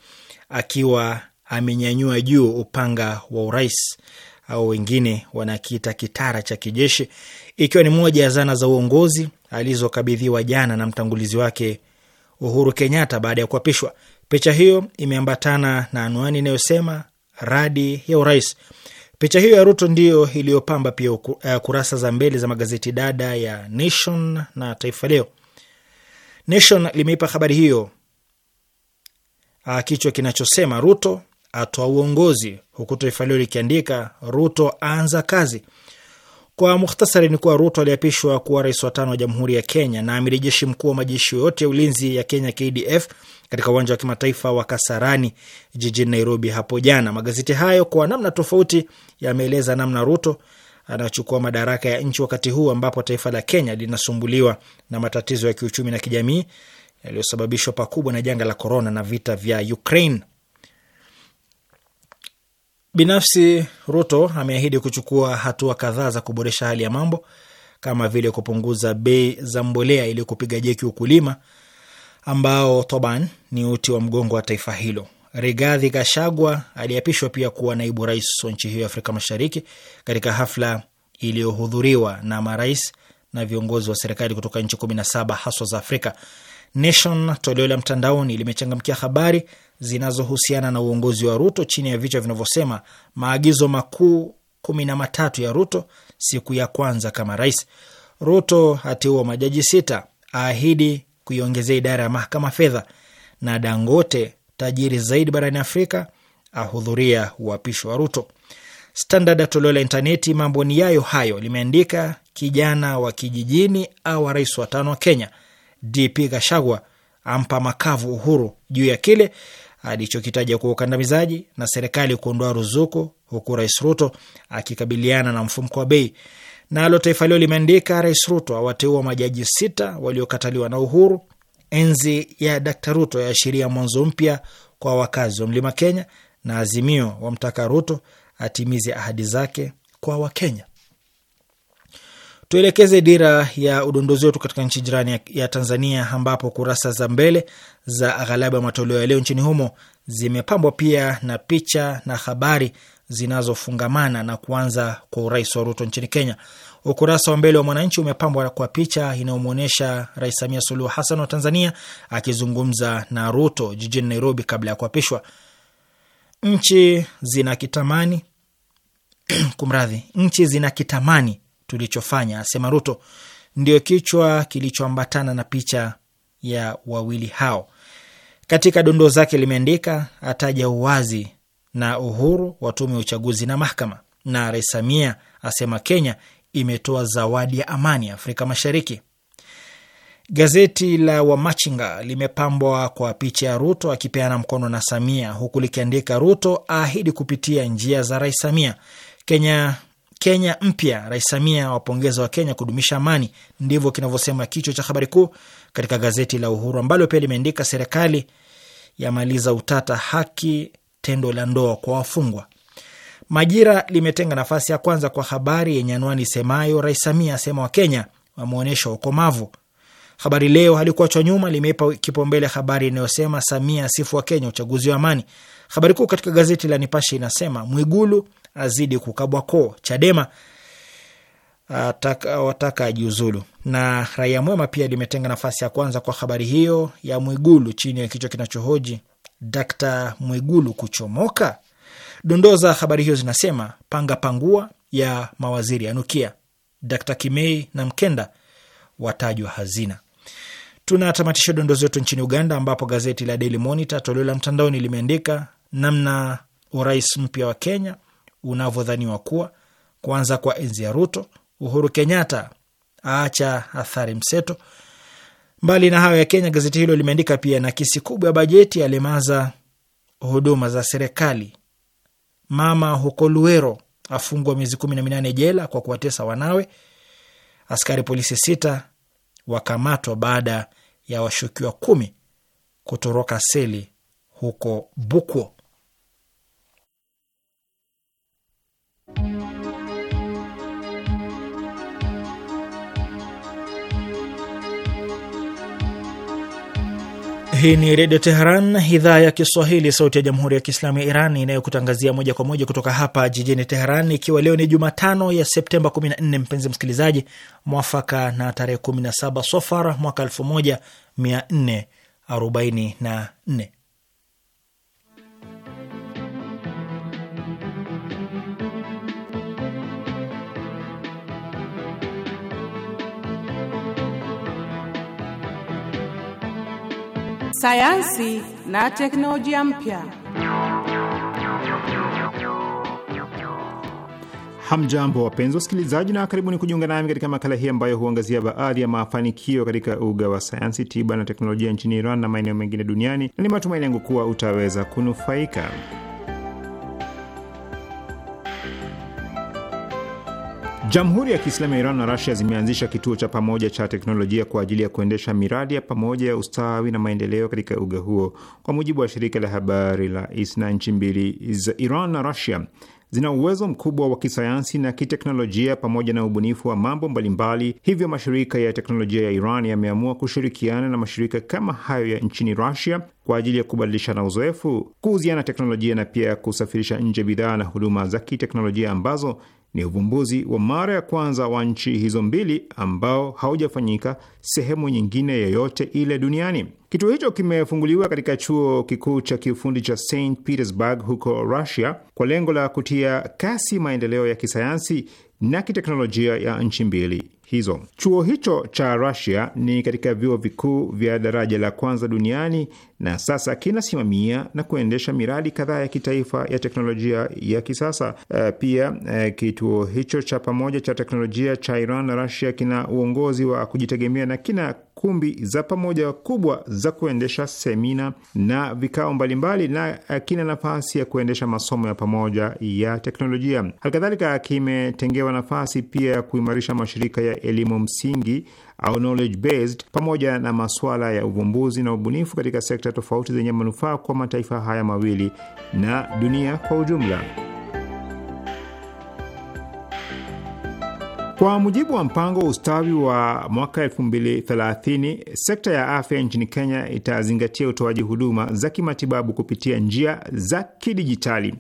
akiwa amenyanyua juu upanga wa urais au wengine wanakiita kitara cha kijeshi, ikiwa ni moja ya zana za uongozi alizokabidhiwa jana na mtangulizi wake Uhuru Kenyatta baada ya kuapishwa. Picha hiyo imeambatana na anwani inayosema radi ya urais. Picha hiyo ya Ruto ndiyo iliyopamba pia eh, kurasa za mbele za magazeti dada ya Nation na Taifa Leo. Nation limeipa habari hiyo ah, kichwa kinachosema Ruto atoa uongozi, huku Taifa Leo likiandika Ruto aanza kazi. Kwa muhtasari ni kuwa Ruto aliapishwa kuwa rais wa tano wa Jamhuri ya Kenya na amiri jeshi mkuu wa majeshi yote ya ulinzi ya Kenya KDF katika uwanja wa kimataifa wa Kasarani jijini Nairobi hapo jana. Magazeti hayo kwa namna tofauti yameeleza namna Ruto anachukua madaraka ya nchi wakati huu ambapo taifa la Kenya linasumbuliwa na matatizo ya kiuchumi na kijamii yaliyosababishwa pakubwa na janga la korona na vita vya Ukraine. Binafsi, Ruto ameahidi kuchukua hatua kadhaa za kuboresha hali ya mambo kama vile kupunguza bei za mbolea ili kupiga jeki ukulima ambao toban ni uti wa mgongo wa taifa hilo. Rigathi Gachagua aliapishwa pia kuwa naibu rais wa nchi hiyo ya Afrika Mashariki katika hafla iliyohudhuriwa na marais na viongozi wa serikali kutoka nchi kumi na saba haswa za Afrika. Nation toleo la mtandaoni limechangamkia habari zinazohusiana na uongozi wa Ruto chini ya vichwa vinavyosema maagizo makuu kumi na matatu ya Ruto siku ya kwanza kama rais. Ruto ateua majaji sita, aahidi kuiongezea idara ya mahakama fedha, na Dangote tajiri zaidi barani Afrika ahudhuria uapisho wa Ruto. Standard toleo la intaneti mambo ni yayo hayo limeandika kijana wa kijijini au rais wa tano wa Kenya DP Gashagwa ampa makavu Uhuru juu ya kile alichokitaja kuwa ukandamizaji na serikali kuondoa ruzuku, huku Rais Ruto akikabiliana na mfumko wa bei. Nalo Taifa Leo limeandika Rais Ruto awateua majaji sita waliokataliwa na Uhuru. Enzi ya Dkt Ruto yaashiria mwanzo mpya kwa wakazi wa mlima Kenya, na Azimio wamtaka Ruto atimize ahadi zake kwa Wakenya. Tuelekeze dira ya udondozi wetu katika nchi jirani ya Tanzania, ambapo kurasa za mbele za aghalabu ya matoleo ya leo nchini humo zimepambwa pia na picha na habari zinazofungamana na kuanza kwa urais wa Ruto nchini Kenya. Ukurasa wa mbele wa Mwananchi umepambwa kwa picha inayomwonyesha Rais Samia Suluhu Hassan wa Tanzania akizungumza na Ruto jijini Nairobi kabla ya kuapishwa. Nchi zina kitamani [CLEARS THROAT] kumradhi, nchi zina kitamani tulichofanya, asema Ruto. Ndio kichwa kilichoambatana na picha ya wawili hao. Katika dondoo zake limeandika, ataja uwazi na uhuru wa tume ya uchaguzi na mahakama, na Rais Samia asema Kenya imetoa zawadi ya amani Afrika Mashariki. Gazeti la Wamachinga limepambwa kwa picha ya Ruto akipeana mkono na Samia, huku likiandika Ruto aahidi kupitia njia za Rais Samia Kenya Kenya mpya, Rais Samia wapongeza wa Kenya kudumisha amani, ndivyo kinavyosema kichwa cha habari kuu katika gazeti la Uhuru ambalo pia limeandika serikali yamaliza utata haki tendo la ndoa kwa wafungwa. Majira limetenga nafasi ya kwanza kwa habari yenye anwani semayo Rais Samia asema wa Kenya wameonyesha ukomavu. Habari Leo halikuachwa nyuma, limeipa kipaumbele habari inayosema Samia asifu wa Kenya uchaguzi wa amani. Habari kuu katika gazeti la Nipashe inasema Mwigulu azidi kukabwa koo. Chadema ataka, ah, wataka ajiuzulu. Na Raia Mwema pia limetenga nafasi ya kwanza kwa habari hiyo ya Mwigulu chini ya kichwa kinachohoji Dkt Mwigulu kuchomoka. Dondoo za habari hiyo zinasema panga pangua ya mawaziri yanukia, Dkt Kimei na Mkenda watajwa hazina. Tunatamatisha dondoo zetu nchini Uganda, ambapo gazeti la Daily Monitor toleo la mtandaoni limeandika namna urais mpya wa Kenya unavyodhaniwa kuwa, kwanza kwa enzi ya Ruto. Uhuru Kenyatta aacha athari mseto. Mbali na hayo ya Kenya, gazeti hilo limeandika pia nakisi kubwa ya bajeti alimaza huduma za serikali. Mama huko Luero afungwa miezi kumi na minane jela kwa kuwatesa wanawe. Askari polisi sita wakamatwa baada ya washukiwa kumi kutoroka seli huko Bukwo. Hii ni Redio Teheran, idhaa ya Kiswahili, sauti ya Jamhuri ya Kiislamu ya Iran inayokutangazia moja kwa moja kutoka hapa jijini Teheran, ikiwa leo ni Jumatano ya Septemba 14, mpenzi msikilizaji, mwafaka na tarehe 17 Sofar mwaka 1444 sayansi na teknolojia mpya. Hamjambo, wapenzi wasikilizaji, na karibuni kujiunga nami katika makala hii ambayo huangazia baadhi ya mafanikio katika uga wa sayansi, tiba na teknolojia nchini Iran na maeneo mengine duniani, na ni matumaini yangu kuwa utaweza kunufaika. Jamhuri ya Kiislamu ya Iran na Rasia zimeanzisha kituo cha pamoja cha teknolojia kwa ajili ya kuendesha miradi ya pamoja ya ustawi na maendeleo katika uga huo. Kwa mujibu wa shirika la habari la ISNA, nchi mbili za Iran na Rasia zina uwezo mkubwa wa kisayansi na kiteknolojia pamoja na ubunifu wa mambo mbalimbali. Hivyo mashirika ya teknolojia ya Iran yameamua kushirikiana na mashirika kama hayo ya nchini rasia kwa ajili ya kubadilishana uzoefu, kuhusiana teknolojia na pia kusafirisha nje bidhaa na huduma za kiteknolojia ambazo ni uvumbuzi wa mara ya kwanza wa nchi hizo mbili ambao haujafanyika sehemu nyingine yoyote ile duniani. Kituo hicho kimefunguliwa katika chuo kikuu cha kiufundi cha St Petersburg huko Russia kwa lengo la kutia kasi maendeleo ya kisayansi na kiteknolojia ya nchi mbili hizo. Chuo hicho cha Russia ni katika vyuo vikuu vya daraja la kwanza duniani na sasa kinasimamia na kuendesha miradi kadhaa ya kitaifa ya teknolojia ya kisasa. Eh, pia eh, kituo hicho cha pamoja cha teknolojia cha Iran na Rasia kina uongozi wa kujitegemea na kina kumbi za pamoja kubwa za kuendesha semina na vikao mbalimbali, na eh, kina nafasi ya kuendesha masomo ya pamoja ya teknolojia. Halikadhalika, kimetengewa nafasi pia ya kuimarisha mashirika ya elimu msingi au knowledge based pamoja na masuala ya uvumbuzi na ubunifu katika sekta tofauti zenye manufaa kwa mataifa haya mawili na dunia kwa ujumla. Kwa mujibu wa mpango wa ustawi wa mwaka 2030 sekta ya afya nchini Kenya itazingatia utoaji huduma za kimatibabu kupitia njia za kidijitali.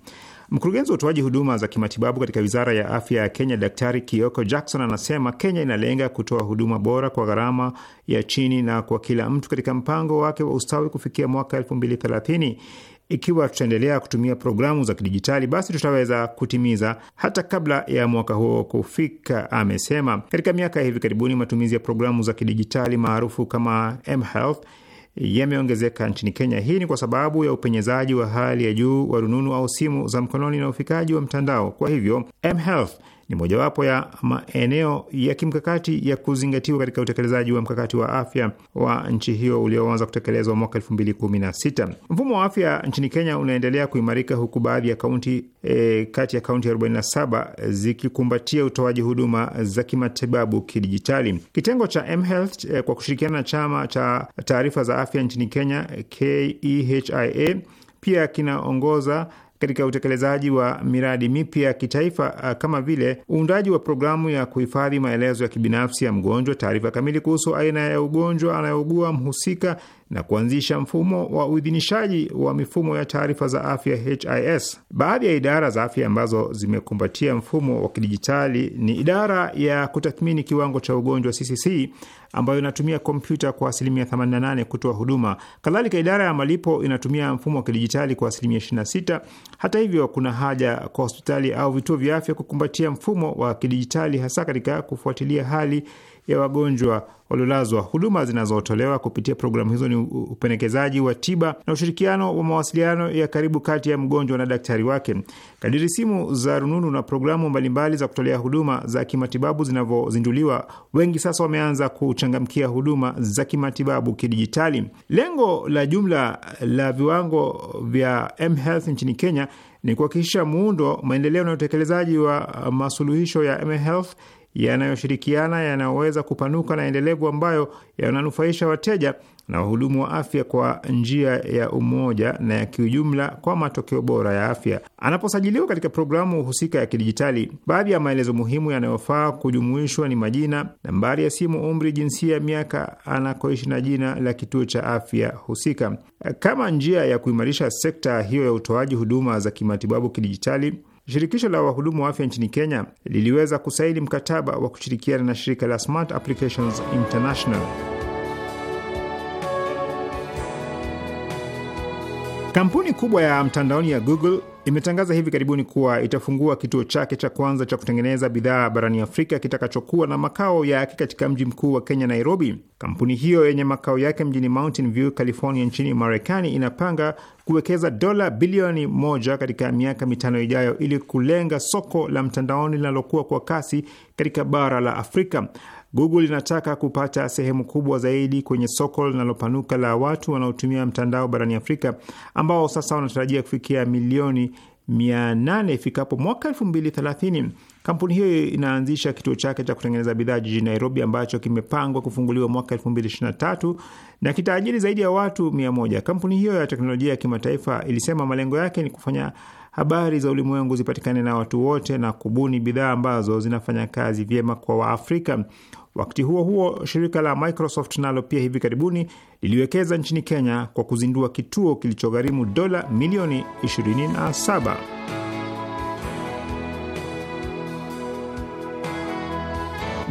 Mkurugenzi wa utoaji huduma za kimatibabu katika wizara ya afya ya Kenya, Daktari Kioko Jackson, anasema Kenya inalenga kutoa huduma bora kwa gharama ya chini na kwa kila mtu katika mpango wake wa ustawi kufikia mwaka 2030. Ikiwa tutaendelea kutumia programu za kidijitali, basi tutaweza kutimiza hata kabla ya mwaka huo kufika, amesema. Katika miaka ya hivi karibuni, matumizi ya programu za kidijitali maarufu kama mHealth yameongezeka nchini Kenya. Hii ni kwa sababu ya upenyezaji wa hali ya juu wa rununu au simu za mkononi na ufikaji wa mtandao. Kwa hivyo mHealth ni mojawapo ya maeneo ya kimkakati ya kuzingatiwa katika utekelezaji wa mkakati wa afya wa nchi hiyo ulioanza kutekelezwa mwaka elfu mbili kumi na sita. Mfumo wa afya nchini Kenya unaendelea kuimarika huku baadhi ya kaunti e, kati ya kaunti 47 zikikumbatia utoaji huduma za kimatibabu kidijitali. Kitengo cha mHealth e, kwa kushirikiana na chama cha taarifa za afya nchini Kenya KEHIA pia kinaongoza katika utekelezaji wa miradi mipya ya kitaifa uh, kama vile uundaji wa programu ya kuhifadhi maelezo ya kibinafsi ya mgonjwa, taarifa kamili kuhusu aina ya ugonjwa anayougua mhusika na kuanzisha mfumo wa uidhinishaji wa mifumo ya taarifa za afya HIS. Baadhi ya idara za afya ambazo zimekumbatia mfumo wa kidijitali ni idara ya kutathmini kiwango cha ugonjwa CCC ambayo inatumia kompyuta kwa asilimia 88 kutoa huduma. Kadhalika, idara ya malipo inatumia mfumo wa kidijitali kwa asilimia 26. Hata hivyo, kuna haja kwa hospitali au vituo vya afya kukumbatia mfumo wa kidijitali hasa katika kufuatilia hali ya wagonjwa waliolazwa. Huduma zinazotolewa kupitia programu hizo ni upendekezaji wa tiba na ushirikiano wa mawasiliano ya karibu kati ya mgonjwa na daktari wake. Kadiri simu za rununu na programu mbalimbali za kutolea huduma za kimatibabu zinavyozinduliwa, wengi sasa wameanza kuchangamkia huduma za kimatibabu kidijitali. Lengo la jumla la viwango vya mHealth nchini Kenya ni kuhakikisha muundo, maendeleo na utekelezaji wa masuluhisho ya mHealth yanayoshirikiana yanayoweza kupanuka na endelevu ambayo yananufaisha wateja na wahudumu wa afya kwa njia ya umoja na ya kiujumla kwa matokeo bora ya afya. Anaposajiliwa katika programu husika ya kidijitali, baadhi ya maelezo muhimu yanayofaa kujumuishwa ni majina, nambari ya simu, umri, jinsia, miaka anakoishi na jina la kituo cha afya husika. Kama njia ya kuimarisha sekta hiyo ya utoaji huduma za kimatibabu kidijitali Shirikisho la wahudumu wa afya nchini Kenya liliweza kusaini mkataba wa kushirikiana na shirika la Smart Applications International Kampuni kubwa ya mtandaoni ya Google imetangaza hivi karibuni kuwa itafungua kituo chake cha kwanza cha kutengeneza bidhaa barani Afrika kitakachokuwa na makao yake katika mji mkuu wa Kenya, Nairobi. Kampuni hiyo yenye makao yake mjini Mountain View, California, nchini Marekani inapanga kuwekeza dola bilioni moja katika miaka mitano ijayo ili kulenga soko la mtandaoni linalokuwa kwa kasi katika bara la Afrika. Google inataka kupata sehemu kubwa zaidi kwenye soko linalopanuka la watu wanaotumia mtandao barani Afrika, ambao sasa wanatarajia kufikia milioni 800 ifikapo mwaka 2030. Kampuni hiyo inaanzisha kituo chake cha kutengeneza bidhaa jijini Nairobi ambacho kimepangwa kufunguliwa mwaka 2023 na kitaajiri zaidi ya watu 100. Kampuni hiyo ya teknolojia ya kimataifa ilisema malengo yake ni kufanya habari za ulimwengu zipatikane na watu wote na kubuni bidhaa ambazo zinafanya kazi vyema kwa Waafrika. Wakati huo huo, shirika la Microsoft nalo pia hivi karibuni liliwekeza nchini Kenya kwa kuzindua kituo kilichogharimu dola milioni 27.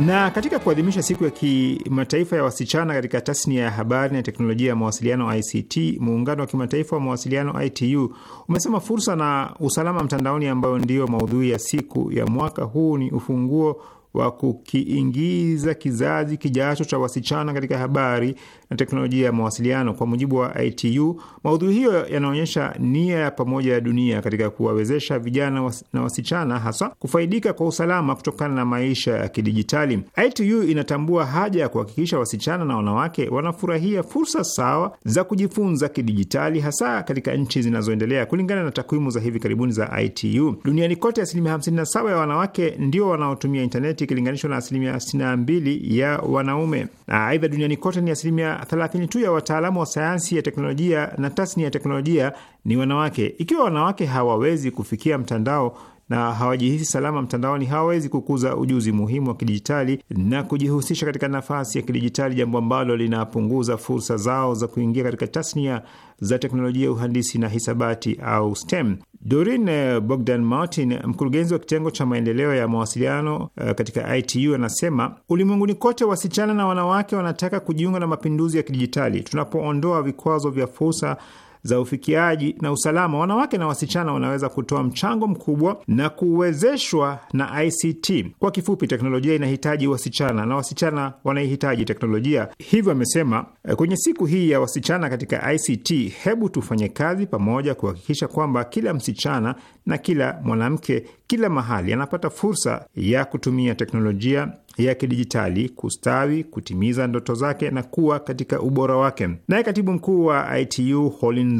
Na katika kuadhimisha siku ya kimataifa ya wasichana katika tasnia ya habari na teknolojia ya mawasiliano ICT, muungano wa kimataifa wa mawasiliano ITU umesema fursa na usalama mtandaoni, ambayo ndiyo maudhui ya siku ya mwaka huu, ni ufunguo wa kukiingiza kizazi kijacho cha wasichana katika habari na teknolojia ya mawasiliano. Kwa mujibu wa ITU, maudhui hiyo yanaonyesha nia ya pamoja ya dunia katika kuwawezesha vijana na wasichana hasa kufaidika kwa usalama kutokana na maisha ya kidijitali. ITU inatambua haja ya kuhakikisha wasichana na wanawake wanafurahia fursa sawa za kujifunza kidijitali, hasa katika nchi zinazoendelea. Kulingana na takwimu za hivi karibuni za ITU, duniani kote asilimia 57 ya wanawake ndio wanaotumia intaneti ikilinganishwa na asilimia 62 ya wanaume. Aidha, duniani kote ni asilimia 30 tu ya wataalamu wa sayansi ya teknolojia na tasnia ya teknolojia ni wanawake. Ikiwa wanawake hawawezi kufikia mtandao na hawajihisi salama mtandaoni, hawawezi kukuza ujuzi muhimu wa kidijitali na kujihusisha katika nafasi ya kidijitali, jambo ambalo linapunguza fursa zao za kuingia katika tasnia za teknolojia, uhandisi na hisabati au STEM. Dorin eh, Bogdan Martin, mkurugenzi wa kitengo cha maendeleo ya mawasiliano eh, katika ITU, anasema ulimwenguni kote wasichana na wanawake wanataka kujiunga na mapinduzi ya kidijitali. Tunapoondoa vikwazo vya fursa za ufikiaji na usalama, wanawake na wasichana wanaweza kutoa mchango mkubwa na kuwezeshwa na ICT. Kwa kifupi, teknolojia inahitaji wasichana na wasichana wanaihitaji teknolojia. Hivyo amesema eh, kwenye siku hii ya wasichana katika ICT, hebu tufanye kazi pamoja kuhakikisha kwamba kila msichana na kila mwanamke kila mahali anapata fursa ya kutumia teknolojia ya kidijitali, kustawi, kutimiza ndoto zake na kuwa katika ubora wake. Naye katibu mkuu wa ITU Holin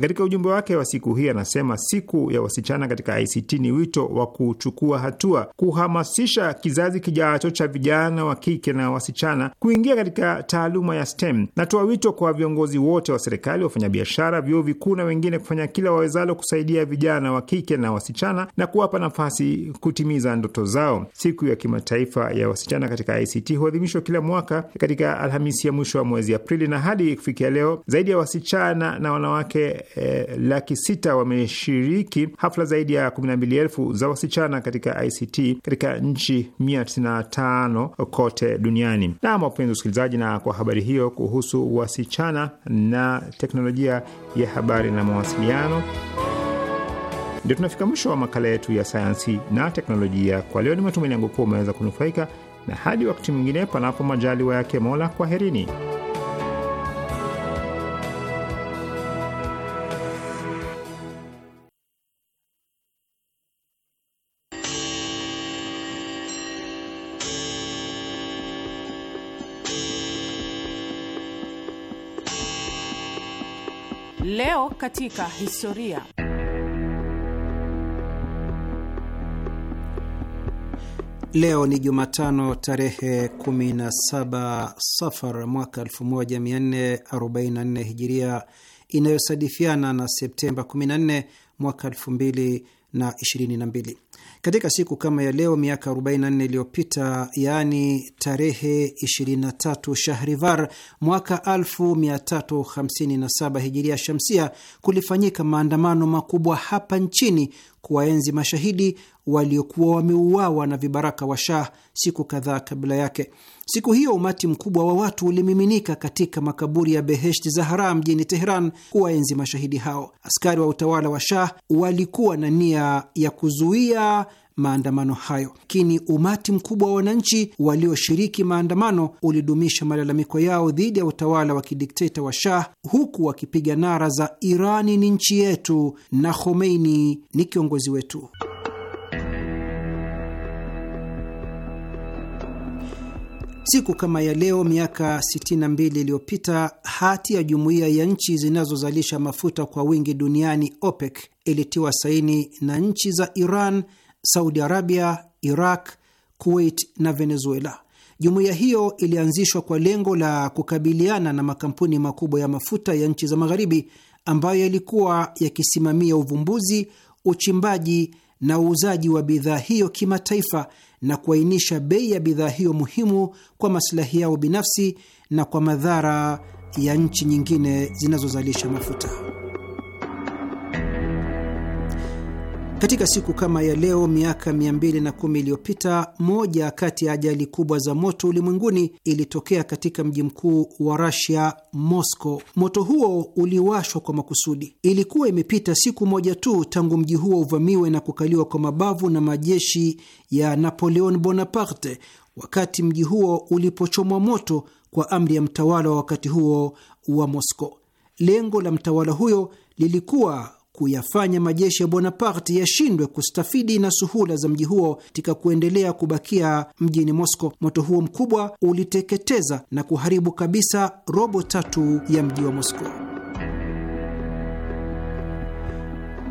katika ujumbe wake wa siku hii anasema siku ya wasichana katika ICT ni wito wa kuchukua hatua, kuhamasisha kizazi kijacho cha vijana wa kike na wasichana kuingia katika taaluma ya STEM. Natoa wito kwa viongozi wote wa serikali, wafanyabiashara, vyuo vikuu na wengine kufanya kila wawezalo kusaidia vijana wa kike na wasichana na kuwapa nafasi kutimiza ndoto zao. Siku ya kimataifa ya wasichana katika ICT huadhimishwa kila mwaka katika Alhamisi ya mwisho wa mwezi Aprili, na hadi kufikia leo zaidi ya wasichana na wanawake Eh, laki sita wameshiriki hafla zaidi ya elfu za wasichana katika ICT katika nchi tano kote duniani. Naam, wapenzi usikilizaji na kwa habari hiyo kuhusu wasichana na teknolojia ya habari na mawasiliano ndio tunafika mwisho wa makala yetu ya sayansi na teknolojia kwa leo. Ni matumaini yangu kuwa umeweza kunufaika, na hadi wakati mwingine, panapo majaliwa yake Mola, kwaherini. Leo katika historia. Leo ni Jumatano tarehe 17 Safar mwaka 1444 Hijiria, inayosadifiana na Septemba 14 mwaka 2022. Katika siku kama ya leo miaka 44 iliyopita, yaani tarehe 23 Shahrivar mwaka 1357 hijiria shamsia, kulifanyika maandamano makubwa hapa nchini kuwaenzi mashahidi waliokuwa wameuawa na vibaraka wa Shah siku kadhaa kabla yake. Siku hiyo umati mkubwa wa watu ulimiminika katika makaburi ya Beheshti Zahara mjini Teheran kuwaenzi mashahidi hao. Askari wa utawala wa Shah walikuwa na nia ya kuzuia maandamano hayo, lakini umati mkubwa wa wananchi walioshiriki maandamano ulidumisha malalamiko yao dhidi ya utawala wa kidikteta wa Shah, huku wakipiga nara za Irani ni nchi yetu na Khomeini ni kiongozi wetu. Siku kama ya leo miaka 62 iliyopita hati ya jumuiya ya nchi zinazozalisha mafuta kwa wingi duniani OPEC ilitiwa saini na nchi za Iran, Saudi Arabia, Iraq, Kuwait na Venezuela. Jumuiya hiyo ilianzishwa kwa lengo la kukabiliana na makampuni makubwa ya mafuta ya nchi za Magharibi ambayo yalikuwa yakisimamia uvumbuzi, uchimbaji na uuzaji wa bidhaa hiyo kimataifa na kuainisha bei ya bidhaa hiyo muhimu kwa maslahi yao binafsi na kwa madhara ya nchi nyingine zinazozalisha mafuta. Katika siku kama ya leo miaka 210 iliyopita, moja kati ya ajali kubwa za moto ulimwenguni ilitokea katika mji mkuu wa Russia, Moscow. Moto huo uliwashwa kwa makusudi. Ilikuwa imepita siku moja tu tangu mji huo uvamiwe na kukaliwa kwa mabavu na majeshi ya Napoleon Bonaparte, wakati mji huo ulipochomwa moto kwa amri ya mtawala wa wakati huo wa Moscow. Lengo la mtawala huyo lilikuwa kuyafanya majeshi ya Bonaparte yashindwe kustafidi na suhula za mji huo katika kuendelea kubakia mjini Moscow. Moto huo mkubwa uliteketeza na kuharibu kabisa robo tatu ya mji wa Moscow.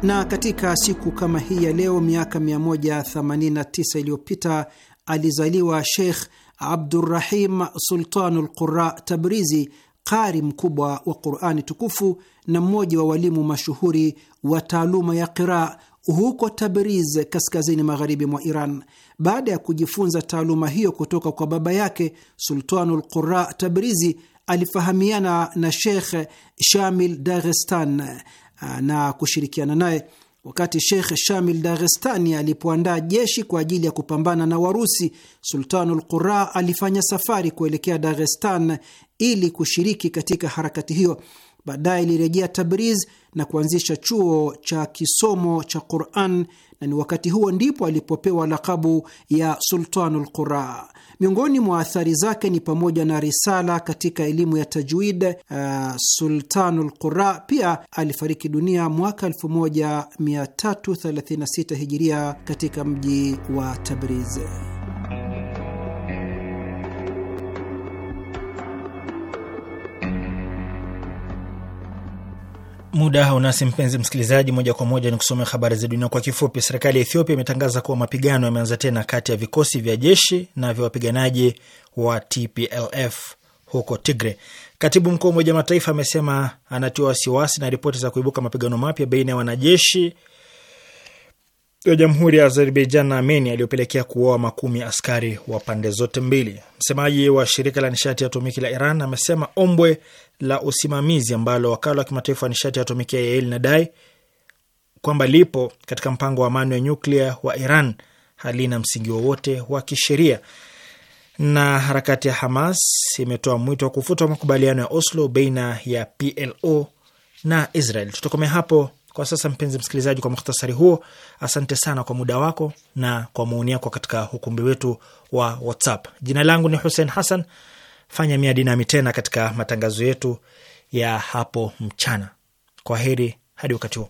Na katika siku kama hii ya leo miaka 189 iliyopita alizaliwa Sheikh Abdurrahim Sultanul Qura Tabrizi qari mkubwa wa Qurani tukufu na mmoja wa walimu mashuhuri wa taaluma ya qiraa huko Tabriz, kaskazini magharibi mwa Iran. Baada ya kujifunza taaluma hiyo kutoka kwa baba yake Sultanul Qura Tabrizi, alifahamiana na Sheikh Shamil Dagestan na kushirikiana naye Wakati Sheikh Shamil Daghestani alipoandaa jeshi kwa ajili ya kupambana na Warusi, Sultanul Qura alifanya safari kuelekea Dagestan ili kushiriki katika harakati hiyo. Baadaye ilirejea Tabriz na kuanzisha chuo cha kisomo cha Quran, na ni wakati huo ndipo alipopewa lakabu ya Sultanul Qura. Miongoni mwa athari zake ni pamoja na risala katika elimu ya tajwid uh, Sultanul Qura. Pia alifariki dunia mwaka 1336 hijiria katika mji wa Tabriz. Muda unasi mpenzi msikilizaji, moja kwa moja ni kusomea habari za dunia kwa kifupi. Serikali ya Ethiopia imetangaza kuwa mapigano yameanza tena kati ya vikosi vya jeshi na vya wapiganaji wa TPLF huko Tigre. Katibu mkuu wa Umoja wa Mataifa amesema anatiwa wasiwasi na ripoti za kuibuka mapigano mapya baina ya wanajeshi ya jamhuri ya Azerbaijan na Armenia aliyopelekea kuoa makumi ya askari wa pande zote mbili. Msemaji wa shirika la nishati ya atomiki la Iran amesema ombwe la usimamizi ambalo wakala wa kimataifa wa nishati ya atomiki ya Yael nadai kwamba lipo katika mpango wa amani wa nyuklia wa Iran halina msingi wowote wa kisheria. Na harakati ya Hamas imetoa mwito wa kufutwa makubaliano ya Oslo baina ya PLO na Israel. Tutokomea hapo kwa sasa, mpenzi msikilizaji, kwa muhtasari huo, asante sana kwa muda wako na kwa maoni yako katika ukumbi wetu wa WhatsApp. Jina langu ni Hussein Hassan. Fanya miadi nami tena katika matangazo yetu ya hapo mchana. Kwa heri hadi wakati huo.